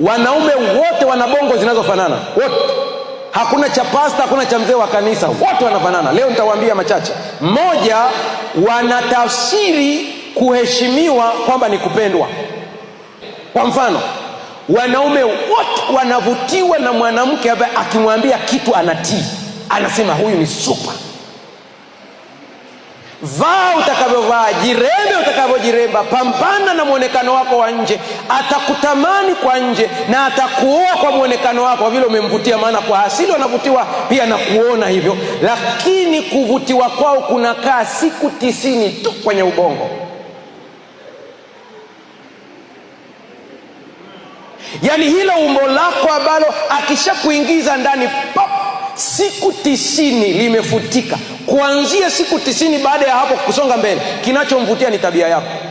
Wanaume wote wana bongo zinazofanana wote, hakuna cha pasta, hakuna cha mzee wa kanisa, wote wanafanana. Leo nitawaambia machache. Moja, wanatafsiri kuheshimiwa kwamba ni kupendwa. Kwa mfano, wanaume wote wanavutiwa na mwanamke ambaye akimwambia kitu anatii, anasema huyu ni super. Vaa utakavyovaa jire jiremba, pambana na mwonekano wako wa nje. Atakutamani kwa nje na atakuoa kwa mwonekano wako, kwa vile umemvutia. Maana kwa asili wanavutiwa pia na kuona hivyo, lakini kuvutiwa kwao kunakaa siku tisini tu kwenye ubongo. Yaani hilo umbo lako ambalo akishakuingiza ndani pop, siku tisini limefutika. Kuanzia siku tisini baada ya hapo kusonga mbele, kinachomvutia ni tabia yako.